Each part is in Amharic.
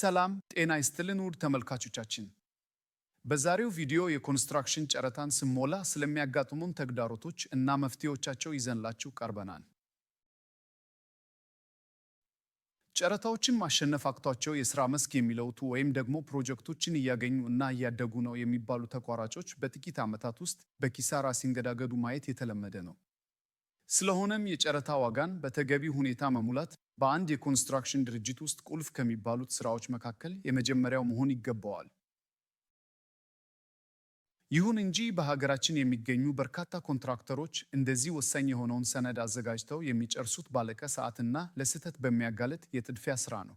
ሰላም ጤና ይስጥልን ውድ ተመልካቾቻችን፣ በዛሬው ቪዲዮ የኮንስትራክሽን ጨረታን ስሞላ ስለሚያጋጥሙን ተግዳሮቶች እና መፍትሄዎቻቸው ይዘንላችሁ ቀርበናል። ጨረታዎችን ማሸነፍ አቅቷቸው የስራ መስክ የሚለውጡ ወይም ደግሞ ፕሮጀክቶችን እያገኙ እና እያደጉ ነው የሚባሉ ተቋራጮች በጥቂት ዓመታት ውስጥ በኪሳራ ሲንገዳገዱ ማየት የተለመደ ነው። ስለሆነም የጨረታ ዋጋን በተገቢ ሁኔታ መሙላት በአንድ የኮንስትራክሽን ድርጅት ውስጥ ቁልፍ ከሚባሉት ስራዎች መካከል የመጀመሪያው መሆን ይገባዋል። ይሁን እንጂ በሀገራችን የሚገኙ በርካታ ኮንትራክተሮች እንደዚህ ወሳኝ የሆነውን ሰነድ አዘጋጅተው የሚጨርሱት ባለቀ ሰዓትና ለስህተት በሚያጋለጥ የጥድፊያ ስራ ነው።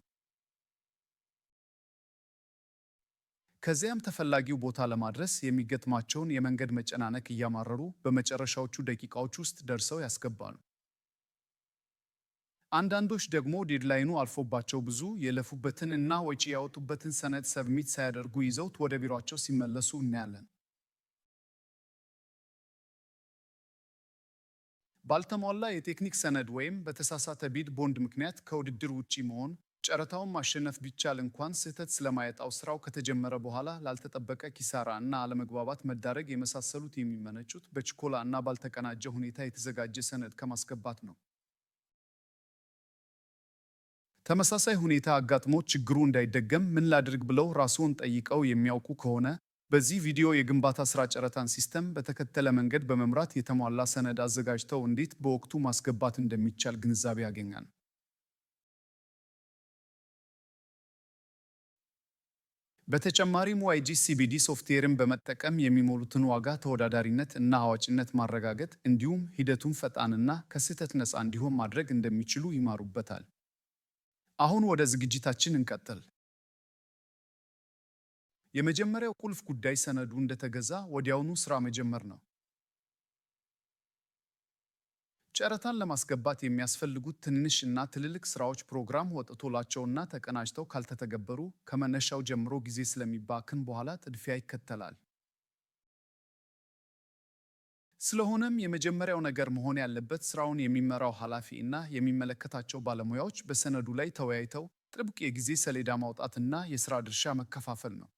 ከዚያም ተፈላጊው ቦታ ለማድረስ የሚገጥማቸውን የመንገድ መጨናነቅ እያማረሩ በመጨረሻዎቹ ደቂቃዎች ውስጥ ደርሰው ያስገባሉ። አንዳንዶች ደግሞ ዴድላይኑ አልፎባቸው ብዙ የለፉበትን እና ወጪ ያወጡበትን ሰነድ ሰብሚት ሳያደርጉ ይዘውት ወደ ቢሯቸው ሲመለሱ እናያለን። ባልተሟላ የቴክኒክ ሰነድ ወይም በተሳሳተ ቢድ ቦንድ ምክንያት ከውድድር ውጪ መሆን ጨረታውን ማሸነፍ ቢቻል እንኳን ስህተት ስለማይጣው ስራው ከተጀመረ በኋላ ላልተጠበቀ ኪሳራ እና አለመግባባት መዳረግ የመሳሰሉት የሚመነጩት በችኮላ እና ባልተቀናጀ ሁኔታ የተዘጋጀ ሰነድ ከማስገባት ነው። ተመሳሳይ ሁኔታ አጋጥሞ ችግሩ እንዳይደገም ምን ላድርግ ብለው ራስዎን ጠይቀው የሚያውቁ ከሆነ በዚህ ቪዲዮ የግንባታ ስራ ጨረታን ሲስተም በተከተለ መንገድ በመምራት የተሟላ ሰነድ አዘጋጅተው እንዴት በወቅቱ ማስገባት እንደሚቻል ግንዛቤ ያገኛል። በተጨማሪም ዋይጂ ሲቢዲ ሶፍትዌርን በመጠቀም የሚሞሉትን ዋጋ ተወዳዳሪነት እና አዋጭነት ማረጋገጥ እንዲሁም ሂደቱን ፈጣንና ከስህተት ነፃ እንዲሆን ማድረግ እንደሚችሉ ይማሩበታል። አሁን ወደ ዝግጅታችን እንቀጥል። የመጀመሪያው ቁልፍ ጉዳይ ሰነዱ እንደተገዛ ወዲያውኑ ስራ መጀመር ነው። ጨረታን ለማስገባት የሚያስፈልጉት ትንሽ እና ትልልቅ ስራዎች ፕሮግራም ወጥቶላቸውና ተቀናጅተው ካልተተገበሩ ከመነሻው ጀምሮ ጊዜ ስለሚባክን በኋላ ጥድፊያ ይከተላል። ስለሆነም የመጀመሪያው ነገር መሆን ያለበት ስራውን የሚመራው ኃላፊ እና የሚመለከታቸው ባለሙያዎች በሰነዱ ላይ ተወያይተው ጥብቅ የጊዜ ሰሌዳ ማውጣትና የስራ ድርሻ መከፋፈል ነው።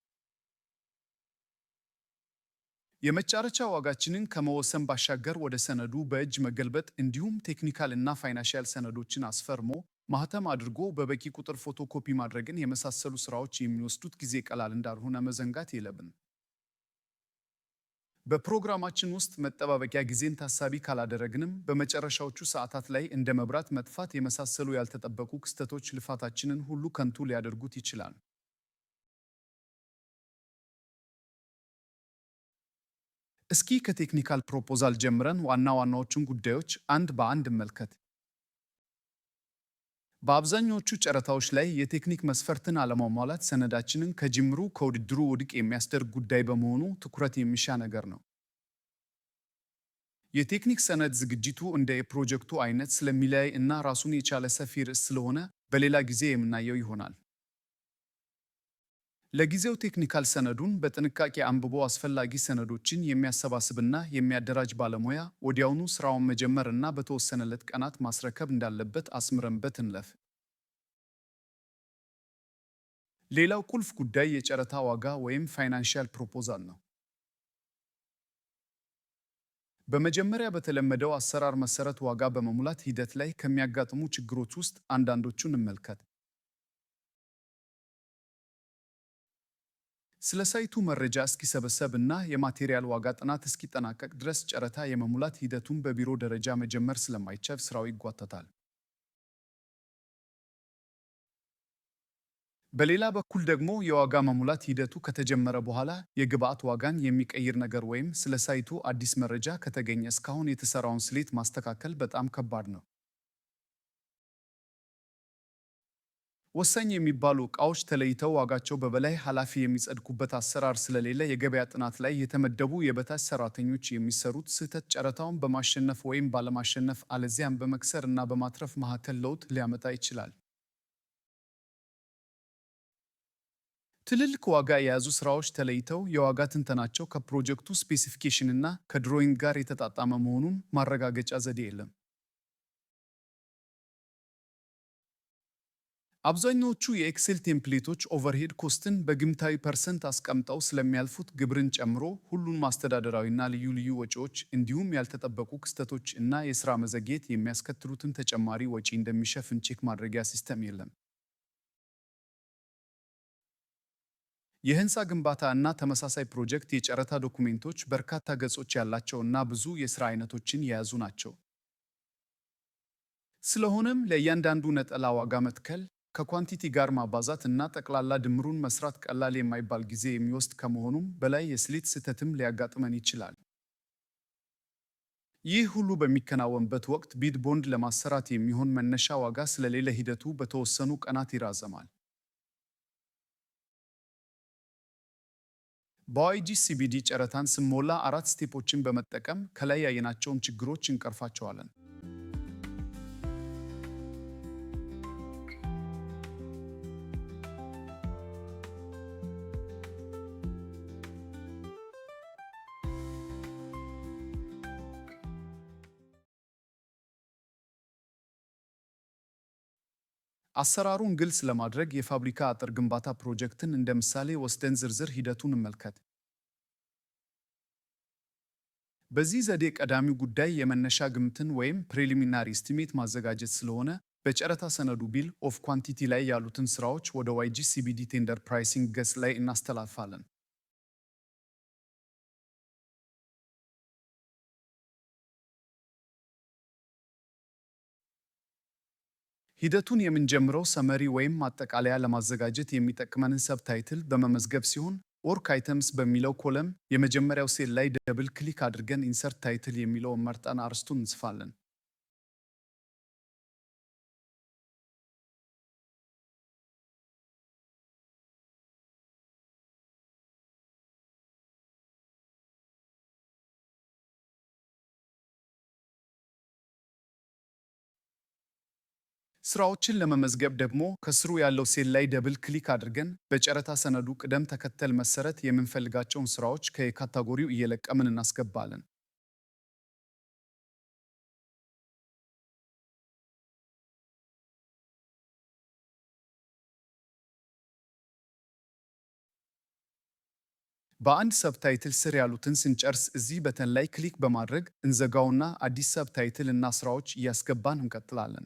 የመጫረቻ ዋጋችንን ከመወሰን ባሻገር ወደ ሰነዱ በእጅ መገልበጥ እንዲሁም ቴክኒካል እና ፋይናንሻል ሰነዶችን አስፈርሞ ማህተም አድርጎ በበቂ ቁጥር ፎቶኮፒ ማድረግን የመሳሰሉ ስራዎች የሚወስዱት ጊዜ ቀላል እንዳልሆነ መዘንጋት የለብን። በፕሮግራማችን ውስጥ መጠባበቂያ ጊዜን ታሳቢ ካላደረግንም በመጨረሻዎቹ ሰዓታት ላይ እንደ መብራት መጥፋት የመሳሰሉ ያልተጠበቁ ክስተቶች ልፋታችንን ሁሉ ከንቱ ሊያደርጉት ይችላል። እስኪ ከቴክኒካል ፕሮፖዛል ጀምረን ዋና ዋናዎቹን ጉዳዮች አንድ በአንድ እንመልከት። በአብዛኞቹ ጨረታዎች ላይ የቴክኒክ መስፈርትን አለማሟላት ሰነዳችንን ከጅምሩ ከውድድሩ ውድቅ የሚያስደርግ ጉዳይ በመሆኑ ትኩረት የሚሻ ነገር ነው። የቴክኒክ ሰነድ ዝግጅቱ እንደ የፕሮጀክቱ አይነት ስለሚለያይ እና ራሱን የቻለ ሰፊ ርዕስ ስለሆነ በሌላ ጊዜ የምናየው ይሆናል። ለጊዜው ቴክኒካል ሰነዱን በጥንቃቄ አንብቦ አስፈላጊ ሰነዶችን የሚያሰባስብና የሚያደራጅ ባለሙያ ወዲያውኑ ስራውን መጀመር እና በተወሰነለት ቀናት ማስረከብ እንዳለበት አስምረንበት እንለፍ። ሌላው ቁልፍ ጉዳይ የጨረታ ዋጋ ወይም ፋይናንሻል ፕሮፖዛል ነው። በመጀመሪያ በተለመደው አሰራር መሰረት ዋጋ በመሙላት ሂደት ላይ ከሚያጋጥሙ ችግሮች ውስጥ አንዳንዶቹን እንመልከት። ስለ ሳይቱ መረጃ እስኪሰበሰብ እና የማቴሪያል ዋጋ ጥናት እስኪጠናቀቅ ድረስ ጨረታ የመሙላት ሂደቱን በቢሮ ደረጃ መጀመር ስለማይቻል ስራው ይጓተታል። በሌላ በኩል ደግሞ የዋጋ መሙላት ሂደቱ ከተጀመረ በኋላ የግብአት ዋጋን የሚቀይር ነገር ወይም ስለ ሳይቱ አዲስ መረጃ ከተገኘ እስካሁን የተሰራውን ስሌት ማስተካከል በጣም ከባድ ነው። ወሳኝ የሚባሉ እቃዎች ተለይተው ዋጋቸው በበላይ ኃላፊ የሚጸድቁበት አሰራር ስለሌለ የገበያ ጥናት ላይ የተመደቡ የበታች ሰራተኞች የሚሰሩት ስህተት ጨረታውን በማሸነፍ ወይም ባለማሸነፍ አለዚያም በመክሰር እና በማትረፍ መካከል ለውጥ ሊያመጣ ይችላል። ትልልቅ ዋጋ የያዙ ስራዎች ተለይተው የዋጋ ትንተናቸው ከፕሮጀክቱ ስፔሲፊኬሽን እና ከድሮይንግ ጋር የተጣጣመ መሆኑን ማረጋገጫ ዘዴ የለም። አብዛኞቹ የኤክሴል ቴምፕሌቶች ኦቨርሄድ ኮስትን በግምታዊ ፐርሰንት አስቀምጠው ስለሚያልፉት ግብርን ጨምሮ ሁሉን አስተዳደራዊና ልዩ ልዩ ወጪዎች እንዲሁም ያልተጠበቁ ክስተቶች እና የስራ መዘግየት የሚያስከትሉትን ተጨማሪ ወጪ እንደሚሸፍን ቼክ ማድረጊያ ሲስተም የለም። የህንፃ ግንባታ እና ተመሳሳይ ፕሮጀክት የጨረታ ዶኩሜንቶች በርካታ ገጾች ያላቸው እና ብዙ የስራ አይነቶችን የያዙ ናቸው። ስለሆነም ለእያንዳንዱ ነጠላ ዋጋ መትከል ከኳንቲቲ ጋር ማባዛት እና ጠቅላላ ድምሩን መስራት ቀላል የማይባል ጊዜ የሚወስድ ከመሆኑም በላይ የስሌት ስህተትም ሊያጋጥመን ይችላል። ይህ ሁሉ በሚከናወንበት ወቅት ቢድ ቦንድ ለማሰራት የሚሆን መነሻ ዋጋ ስለሌለ ሂደቱ በተወሰኑ ቀናት ይራዘማል። በዋይጂ ሲቢዲ ጨረታን ስንሞላ አራት ስቴፖችን በመጠቀም ከላይ ያየናቸውን ችግሮች እንቀርፋቸዋለን። አሰራሩን ግልጽ ለማድረግ የፋብሪካ አጥር ግንባታ ፕሮጀክትን እንደ ምሳሌ ወስደን ዝርዝር ሂደቱን እንመልከት። በዚህ ዘዴ ቀዳሚው ጉዳይ የመነሻ ግምትን ወይም ፕሪሊሚናሪ ስቲሜት ማዘጋጀት ስለሆነ በጨረታ ሰነዱ ቢል ኦፍ ኳንቲቲ ላይ ያሉትን ስራዎች ወደ ዋይጂ ሲቢዲ ቴንደር ፕራይሲንግ ገጽ ላይ እናስተላልፋለን። ሂደቱን የምንጀምረው ሰመሪ ወይም ማጠቃለያ ለማዘጋጀት የሚጠቅመንን ሰብታይትል በመመዝገብ ሲሆን ኦርክ አይተምስ በሚለው ኮለም የመጀመሪያው ሴል ላይ ደብል ክሊክ አድርገን ኢንሰርት ታይትል የሚለውን መርጠን አርስቱን እንጽፋለን። ስራዎችን ለመመዝገብ ደግሞ ከስሩ ያለው ሴል ላይ ደብል ክሊክ አድርገን በጨረታ ሰነዱ ቅደም ተከተል መሰረት የምንፈልጋቸውን ስራዎች ከካታጎሪው እየለቀምን እናስገባለን። በአንድ ሰብታይትል ስር ያሉትን ስንጨርስ እዚህ በተን ላይ ክሊክ በማድረግ እንዘጋውና አዲስ ሰብታይትል እና ስራዎች እያስገባን እንቀጥላለን።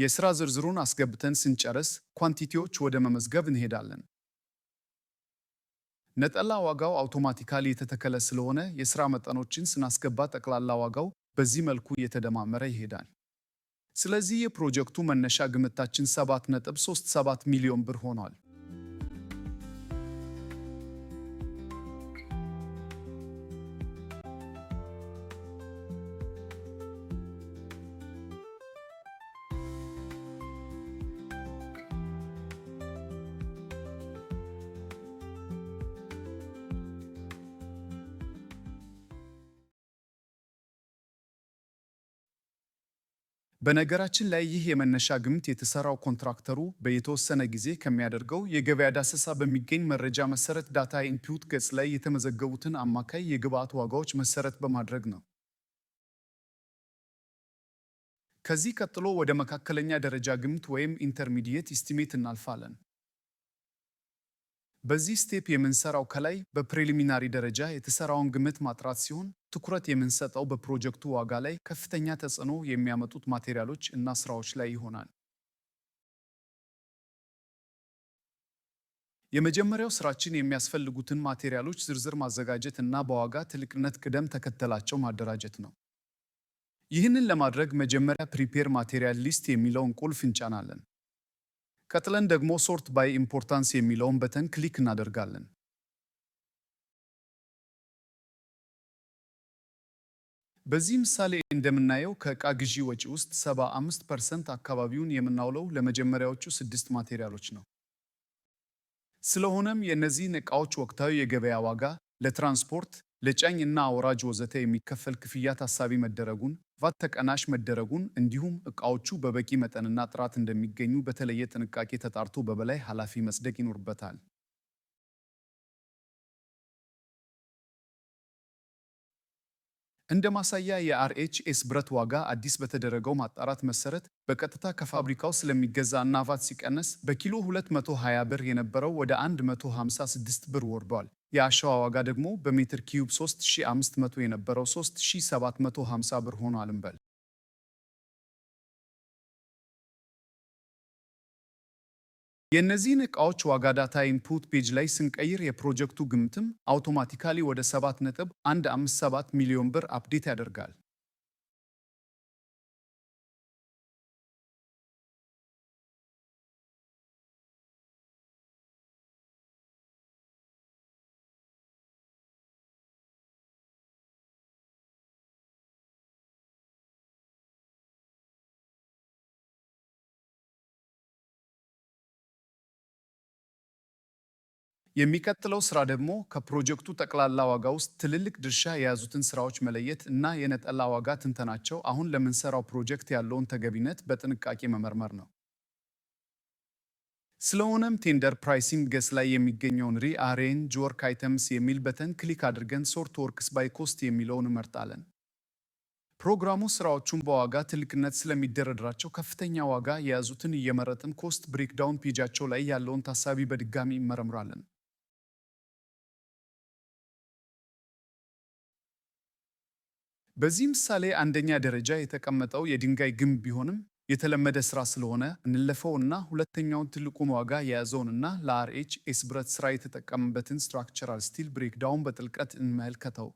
የሥራ ዝርዝሩን አስገብተን ስንጨርስ ኳንቲቲዎች ወደ መመዝገብ እንሄዳለን። ነጠላ ዋጋው አውቶማቲካሊ የተተከለ ስለሆነ የሥራ መጠኖችን ስናስገባ ጠቅላላ ዋጋው በዚህ መልኩ እየተደማመረ ይሄዳል። ስለዚህ የፕሮጀክቱ መነሻ ግምታችን 7.37 ሚሊዮን ብር ሆኗል። በነገራችን ላይ ይህ የመነሻ ግምት የተሰራው ኮንትራክተሩ በየተወሰነ ጊዜ ከሚያደርገው የገበያ ዳሰሳ በሚገኝ መረጃ መሰረት ዳታ ኢንፑት ገጽ ላይ የተመዘገቡትን አማካይ የግብአት ዋጋዎች መሰረት በማድረግ ነው። ከዚህ ቀጥሎ ወደ መካከለኛ ደረጃ ግምት ወይም ኢንተርሚዲየት ኢስቲሜት እናልፋለን። በዚህ ስቴፕ የምንሰራው ከላይ በፕሬሊሚናሪ ደረጃ የተሰራውን ግምት ማጥራት ሲሆን ትኩረት የምንሰጠው በፕሮጀክቱ ዋጋ ላይ ከፍተኛ ተጽዕኖ የሚያመጡት ማቴሪያሎች እና ስራዎች ላይ ይሆናል። የመጀመሪያው ስራችን የሚያስፈልጉትን ማቴሪያሎች ዝርዝር ማዘጋጀት እና በዋጋ ትልቅነት ቅደም ተከተላቸው ማደራጀት ነው። ይህንን ለማድረግ መጀመሪያ ፕሪፔር ማቴሪያል ሊስት የሚለውን ቁልፍ እንጫናለን። ቀጥለን ደግሞ ሶርት ባይ ኢምፖርታንስ የሚለውን በተን ክሊክ እናደርጋለን። በዚህ ምሳሌ እንደምናየው ከእቃ ግዢ ወጪ ውስጥ 75 ፐርሰንት አካባቢውን የምናውለው ለመጀመሪያዎቹ ስድስት ማቴሪያሎች ነው። ስለሆነም የእነዚህን እቃዎች ወቅታዊ የገበያ ዋጋ፣ ለትራንስፖርት፣ ለጫኝ እና አውራጅ ወዘተ የሚከፈል ክፍያ ታሳቢ መደረጉን ቫት ተቀናሽ መደረጉን እንዲሁም እቃዎቹ በበቂ መጠንና ጥራት እንደሚገኙ በተለየ ጥንቃቄ ተጣርቶ በበላይ ኃላፊ መጽደቅ ይኖርበታል። እንደ ማሳያ የአርኤችኤስ ብረት ዋጋ አዲስ በተደረገው ማጣራት መሰረት በቀጥታ ከፋብሪካው ስለሚገዛ እና ቫት ሲቀነስ በኪሎ 220 ብር የነበረው ወደ 156 ብር ወርዷል። የአሸዋ ዋጋ ደግሞ በሜትር ኪዩብ 3500 የነበረው 3750 ብር ሆኗል እንበል። የእነዚህን ዕቃዎች ዋጋ ዳታ ኢንፑት ፔጅ ላይ ስንቀይር የፕሮጀክቱ ግምትም አውቶማቲካሊ ወደ 7.157 ሚሊዮን ብር አፕዴት ያደርጋል። የሚቀጥለው ስራ ደግሞ ከፕሮጀክቱ ጠቅላላ ዋጋ ውስጥ ትልልቅ ድርሻ የያዙትን ስራዎች መለየት እና የነጠላ ዋጋ ትንተናቸው አሁን ለምንሰራው ፕሮጀክት ያለውን ተገቢነት በጥንቃቄ መመርመር ነው። ስለሆነም ቴንደር ፕራይሲንግ ገጽ ላይ የሚገኘውን ሪአሬንጅ ወርክ አይተምስ የሚል በተን ክሊክ አድርገን ሶርት ወርክስ ባይ ኮስት የሚለውን እመርጣለን። ፕሮግራሙ ስራዎቹን በዋጋ ትልቅነት ስለሚደረድራቸው ከፍተኛ ዋጋ የያዙትን እየመረጥን ኮስት ብሬክዳውን ፔጃቸው ላይ ያለውን ታሳቢ በድጋሚ እመረምራለን። በዚህ ምሳሌ አንደኛ ደረጃ የተቀመጠው የድንጋይ ግንብ ቢሆንም የተለመደ ስራ ስለሆነ እንለፈውና ሁለተኛውን ትልቁን ዋጋ የያዘውንና ለአርኤችኤስ ብረት ስራ የተጠቀመበትን ስትራክቸራል ስቲል ብሬክዳውን በጥልቀት እንመልከተው።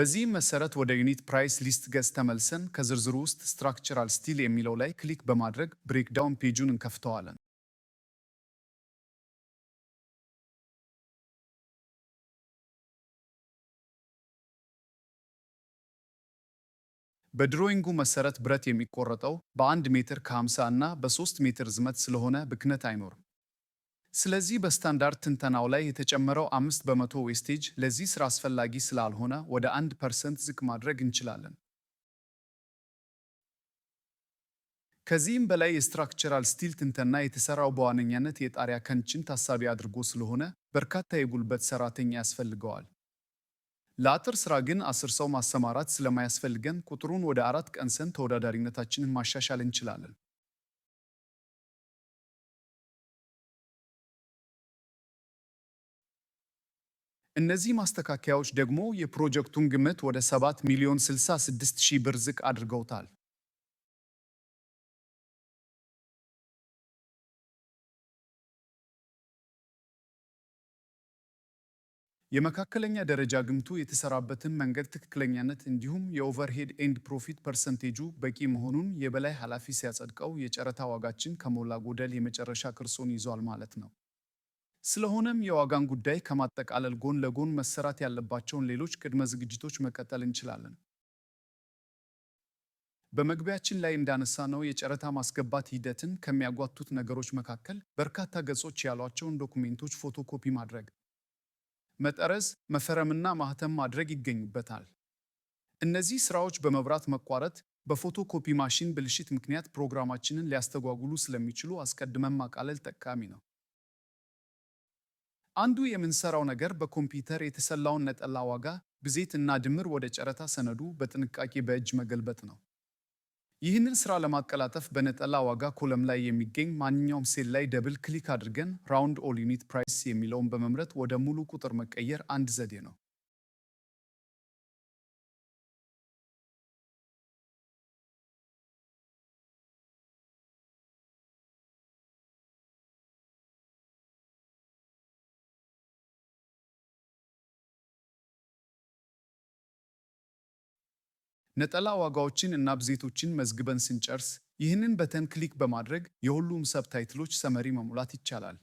በዚህም መሰረት ወደ ዩኒት ፕራይስ ሊስት ገጽ ተመልሰን ከዝርዝሩ ውስጥ ስትራክቸራል ስቲል የሚለው ላይ ክሊክ በማድረግ ብሬክዳውን ፔጁን እንከፍተዋለን። በድሮይንጉ መሰረት ብረት የሚቆረጠው በአንድ ሜትር ከ50 እና በ3 ሜትር ዝመት ስለሆነ ብክነት አይኖርም። ስለዚህ በስታንዳርድ ትንተናው ላይ የተጨመረው አምስት በመቶ ዌስቴጅ ለዚህ ስራ አስፈላጊ ስላልሆነ ወደ አንድ ፐርሰንት ዝቅ ማድረግ እንችላለን። ከዚህም በላይ የስትራክቸራል ስቲል ትንተና የተሰራው በዋነኛነት የጣሪያ ከንችን ታሳቢ አድርጎ ስለሆነ በርካታ የጉልበት ሰራተኛ ያስፈልገዋል። ለአጥር ስራ ግን አስር ሰው ማሰማራት ስለማያስፈልገን ቁጥሩን ወደ አራት ቀንሰን ተወዳዳሪነታችንን ማሻሻል እንችላለን። እነዚህ ማስተካከያዎች ደግሞ የፕሮጀክቱን ግምት ወደ 7 ሚሊዮን 66 ሺህ ብር ዝቅ አድርገውታል። የመካከለኛ ደረጃ ግምቱ የተሰራበትን መንገድ ትክክለኛነት እንዲሁም የኦቨርሄድ ኤንድ ፕሮፊት ፐርሰንቴጁ በቂ መሆኑን የበላይ ኃላፊ ሲያጸድቀው የጨረታ ዋጋችን ከሞላ ጎደል የመጨረሻ ክርሶን ይዟል ማለት ነው። ስለሆነም የዋጋን ጉዳይ ከማጠቃለል ጎን ለጎን መሰራት ያለባቸውን ሌሎች ቅድመ ዝግጅቶች መቀጠል እንችላለን። በመግቢያችን ላይ እንዳነሳ ነው የጨረታ ማስገባት ሂደትን ከሚያጓቱት ነገሮች መካከል በርካታ ገጾች ያሏቸውን ዶኩሜንቶች ፎቶኮፒ ማድረግ፣ መጠረዝ፣ መፈረምና ማህተም ማድረግ ይገኙበታል። እነዚህ ስራዎች በመብራት መቋረጥ፣ በፎቶኮፒ ማሽን ብልሽት ምክንያት ፕሮግራማችንን ሊያስተጓጉሉ ስለሚችሉ አስቀድመን ማቃለል ጠቃሚ ነው። አንዱ የምንሰራው ነገር በኮምፒውተር የተሰላውን ነጠላ ዋጋ ብዜት እና ድምር ወደ ጨረታ ሰነዱ በጥንቃቄ በእጅ መገልበጥ ነው። ይህንን ስራ ለማቀላጠፍ በነጠላ ዋጋ ኮለም ላይ የሚገኝ ማንኛውም ሴል ላይ ደብል ክሊክ አድርገን ራውንድ ኦል ዩኒት ፕራይስ የሚለውን በመምረጥ ወደ ሙሉ ቁጥር መቀየር አንድ ዘዴ ነው። ነጠላ ዋጋዎችን እና ብዜቶችን መዝግበን ስንጨርስ ይህንን በተን ክሊክ በማድረግ የሁሉም ሰብ ታይትሎች ሰመሪ መሙላት ይቻላል።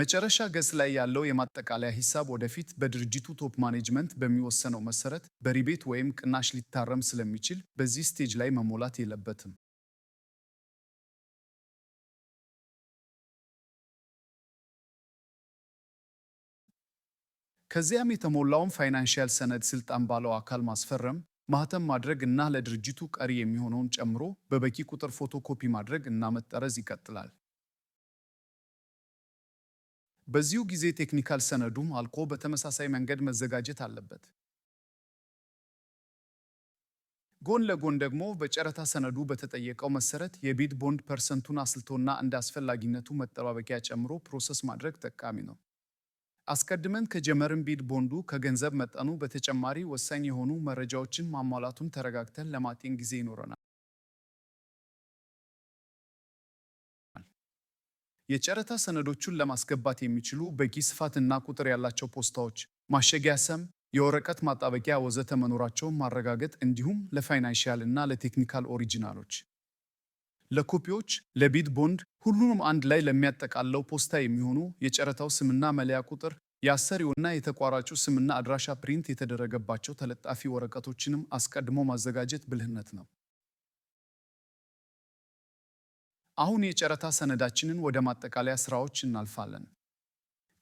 መጨረሻ ገጽ ላይ ያለው የማጠቃለያ ሂሳብ ወደፊት በድርጅቱ ቶፕ ማኔጅመንት በሚወሰነው መሰረት በሪቤት ወይም ቅናሽ ሊታረም ስለሚችል በዚህ ስቴጅ ላይ መሞላት የለበትም። ከዚያም የተሞላውን ፋይናንሽያል ሰነድ ስልጣን ባለው አካል ማስፈረም፣ ማህተም ማድረግ እና ለድርጅቱ ቀሪ የሚሆነውን ጨምሮ በበቂ ቁጥር ፎቶኮፒ ማድረግ እና መጠረዝ ይቀጥላል። በዚሁ ጊዜ ቴክኒካል ሰነዱም አልቆ በተመሳሳይ መንገድ መዘጋጀት አለበት። ጎን ለጎን ደግሞ በጨረታ ሰነዱ በተጠየቀው መሰረት የቢድ ቦንድ ፐርሰንቱን አስልቶና እንደ አስፈላጊነቱ መጠባበቂያ ጨምሮ ፕሮሰስ ማድረግ ጠቃሚ ነው። አስቀድመን ከጀመርን ቢድ ቦንዱ ከገንዘብ መጠኑ በተጨማሪ ወሳኝ የሆኑ መረጃዎችን ማሟላቱን ተረጋግተን ለማጤን ጊዜ ይኖረናል። የጨረታ ሰነዶቹን ለማስገባት የሚችሉ በቂ ስፋትና ቁጥር ያላቸው ፖስታዎች፣ ማሸጊያ ሰም፣ የወረቀት ማጣበቂያ ወዘተ መኖራቸውን ማረጋገጥ እንዲሁም ለፋይናንሽያል እና ለቴክኒካል ኦሪጂናሎች ለኮፒዎች፣ ለቢድ ቦንድ ሁሉንም አንድ ላይ ለሚያጠቃለው ፖስታ የሚሆኑ የጨረታው ስምና መለያ ቁጥር የአሰሪውና የተቋራጩ ስምና አድራሻ ፕሪንት የተደረገባቸው ተለጣፊ ወረቀቶችንም አስቀድሞ ማዘጋጀት ብልህነት ነው። አሁን የጨረታ ሰነዳችንን ወደ ማጠቃለያ ስራዎች እናልፋለን።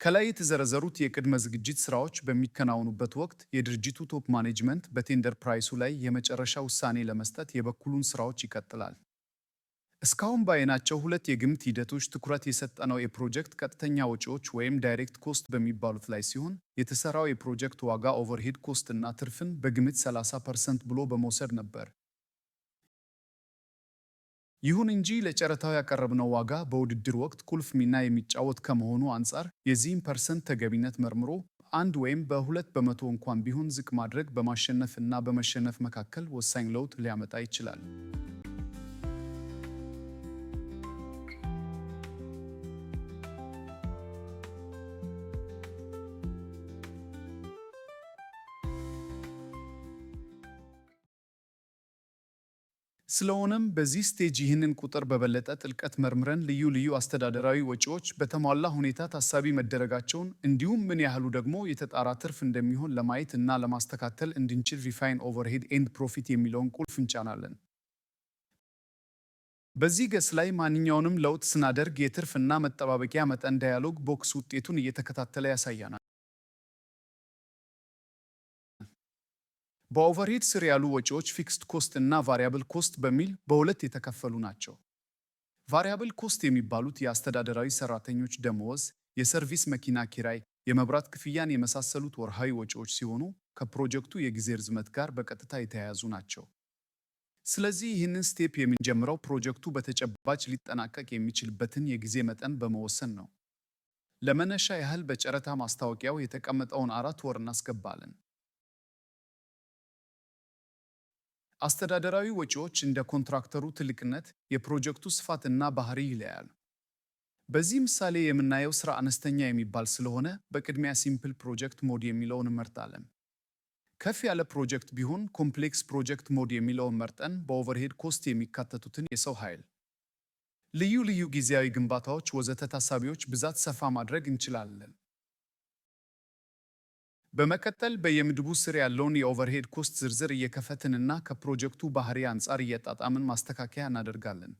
ከላይ የተዘረዘሩት የቅድመ ዝግጅት ስራዎች በሚከናወኑበት ወቅት የድርጅቱ ቶፕ ማኔጅመንት በቴንደር ፕራይሱ ላይ የመጨረሻ ውሳኔ ለመስጠት የበኩሉን ስራዎች ይቀጥላል። እስካሁን ባየናቸው ሁለት የግምት ሂደቶች ትኩረት የሰጠነው የፕሮጀክት ቀጥተኛ ወጪዎች ወይም ዳይሬክት ኮስት በሚባሉት ላይ ሲሆን የተሰራው የፕሮጀክት ዋጋ ኦቨርሄድ ኮስት እና ትርፍን በግምት 30 ፐርሰንት ብሎ በመውሰድ ነበር። ይሁን እንጂ ለጨረታው ያቀረብነው ዋጋ በውድድር ወቅት ቁልፍ ሚና የሚጫወት ከመሆኑ አንጻር የዚህን ፐርሰንት ተገቢነት መርምሮ አንድ ወይም በሁለት በመቶ እንኳን ቢሆን ዝቅ ማድረግ በማሸነፍ እና በመሸነፍ መካከል ወሳኝ ለውጥ ሊያመጣ ይችላል። ስለሆነም በዚህ ስቴጅ ይህንን ቁጥር በበለጠ ጥልቀት መርምረን ልዩ ልዩ አስተዳደራዊ ወጪዎች በተሟላ ሁኔታ ታሳቢ መደረጋቸውን እንዲሁም ምን ያህሉ ደግሞ የተጣራ ትርፍ እንደሚሆን ለማየት እና ለማስተካከል እንድንችል ሪፋይን ኦቨርሄድ ኤንድ ፕሮፊት የሚለውን ቁልፍ እንጫናለን። በዚህ ገጽ ላይ ማንኛውንም ለውጥ ስናደርግ የትርፍ እና መጠባበቂያ መጠን ዳያሎግ ቦክስ ውጤቱን እየተከታተለ ያሳያናል። በኦቨርሄድ ስር ያሉ ወጪዎች ፊክስድ ኮስት እና ቫሪያብል ኮስት በሚል በሁለት የተከፈሉ ናቸው። ቫሪያብል ኮስት የሚባሉት የአስተዳደራዊ ሰራተኞች ደመወዝ፣ የሰርቪስ መኪና ኪራይ፣ የመብራት ክፍያን የመሳሰሉት ወርሃዊ ወጪዎች ሲሆኑ ከፕሮጀክቱ የጊዜ ርዝመት ጋር በቀጥታ የተያያዙ ናቸው። ስለዚህ ይህንን ስቴፕ የምንጀምረው ፕሮጀክቱ በተጨባጭ ሊጠናቀቅ የሚችልበትን የጊዜ መጠን በመወሰን ነው። ለመነሻ ያህል በጨረታ ማስታወቂያው የተቀመጠውን አራት ወር እናስገባለን። አስተዳደራዊ ወጪዎች እንደ ኮንትራክተሩ ትልቅነት፣ የፕሮጀክቱ ስፋትና ባህሪ ይለያሉ። በዚህ ምሳሌ የምናየው ስራ አነስተኛ የሚባል ስለሆነ በቅድሚያ ሲምፕል ፕሮጀክት ሞድ የሚለውን እመርጣለን። ከፍ ያለ ፕሮጀክት ቢሆን ኮምፕሌክስ ፕሮጀክት ሞድ የሚለውን መርጠን በኦቨርሄድ ኮስት የሚካተቱትን የሰው ኃይል፣ ልዩ ልዩ ጊዜያዊ ግንባታዎች ወዘተ ታሳቢዎች ብዛት ሰፋ ማድረግ እንችላለን። በመቀጠል በየምድቡ ስር ያለውን የኦቨርሄድ ኮስት ዝርዝር እየከፈትንና ከፕሮጀክቱ ባህሪ አንጻር እየጣጣምን ማስተካከያ እናደርጋለን።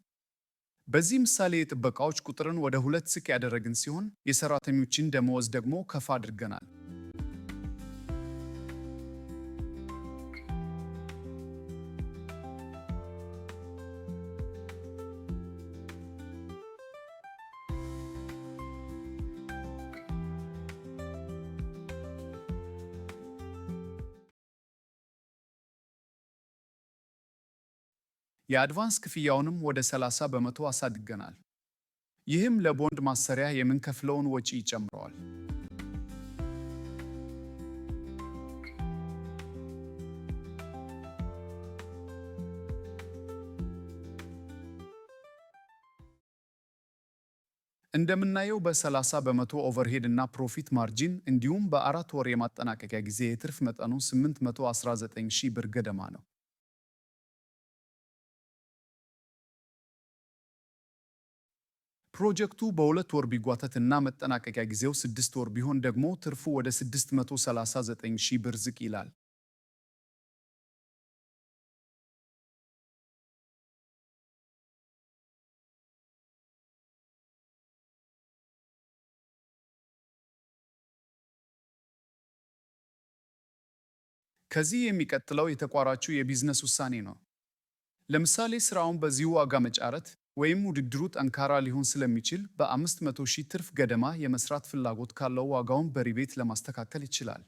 በዚህ ምሳሌ የጥበቃዎች ቁጥርን ወደ ሁለት ስቅ ያደረግን ሲሆን የሰራተኞችን ደመወዝ ደግሞ ከፍ አድርገናል። የአድቫንስ ክፍያውንም ወደ 30 በመቶ አሳድገናል። ይህም ለቦንድ ማሰሪያ የምንከፍለውን ወጪ ይጨምረዋል። እንደምናየው በ30 በመቶ ኦቨርሄድ እና ፕሮፊት ማርጂን እንዲሁም በአራት ወር የማጠናቀቂያ ጊዜ የትርፍ መጠኑ 819 ሺህ ብር ገደማ ነው። ፕሮጀክቱ በሁለት ወር ቢጓተት እና መጠናቀቂያ ጊዜው ስድስት ወር ቢሆን ደግሞ ትርፉ ወደ 639 ሺህ ብር ዝቅ ይላል። ከዚህ የሚቀጥለው የተቋራጩ የቢዝነስ ውሳኔ ነው። ለምሳሌ ስራውን በዚሁ ዋጋ መጫረት ወይም ውድድሩ ጠንካራ ሊሆን ስለሚችል በ500 ሺህ ትርፍ ገደማ የመስራት ፍላጎት ካለው ዋጋውን በሪቤት ለማስተካከል ይችላል።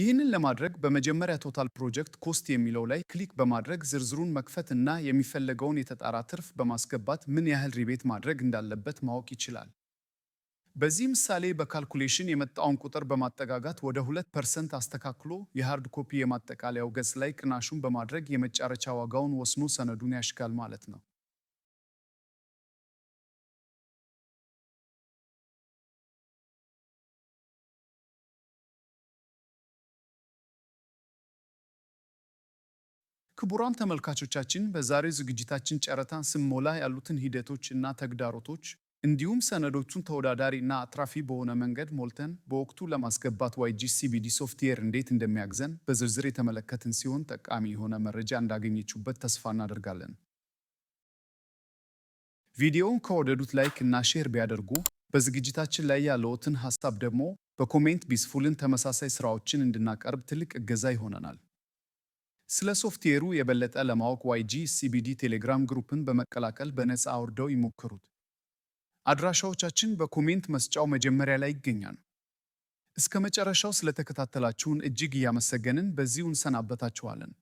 ይህንን ለማድረግ በመጀመሪያ ቶታል ፕሮጀክት ኮስት የሚለው ላይ ክሊክ በማድረግ ዝርዝሩን መክፈት እና የሚፈለገውን የተጣራ ትርፍ በማስገባት ምን ያህል ሪቤት ማድረግ እንዳለበት ማወቅ ይችላል። በዚህ ምሳሌ በካልኩሌሽን የመጣውን ቁጥር በማጠጋጋት ወደ 2 ፐርሰንት አስተካክሎ የሃርድ ኮፒ የማጠቃለያው ገጽ ላይ ቅናሹን በማድረግ የመጫረቻ ዋጋውን ወስኖ ሰነዱን ያሽጋል ማለት ነው። ክቡራን ተመልካቾቻችን በዛሬ ዝግጅታችን ጨረታን ስሞላ ያሉትን ሂደቶች እና ተግዳሮቶች እንዲሁም ሰነዶቹን ተወዳዳሪ እና አትራፊ በሆነ መንገድ ሞልተን በወቅቱ ለማስገባት ዋይጂ ሲቢዲ ሶፍትዌር እንዴት እንደሚያግዘን በዝርዝር የተመለከትን ሲሆን ጠቃሚ የሆነ መረጃ እንዳገኘችሁበት ተስፋ እናደርጋለን። ቪዲዮውን ከወደዱት ላይክ እና ሼር ቢያደርጉ በዝግጅታችን ላይ ያለዎትን ሀሳብ ደግሞ በኮሜንት ቢስፉልን ተመሳሳይ ስራዎችን እንድናቀርብ ትልቅ እገዛ ይሆነናል። ስለ ሶፍትዌሩ የበለጠ ለማወቅ ዋይጂ ሲቢዲ ቴሌግራም ግሩፕን በመቀላቀል በነፃ አውርደው ይሞክሩት። አድራሻዎቻችን በኮሜንት መስጫው መጀመሪያ ላይ ይገኛሉ። እስከ መጨረሻው ስለተከታተላችሁን እጅግ እያመሰገንን በዚሁ እንሰናበታችኋለን።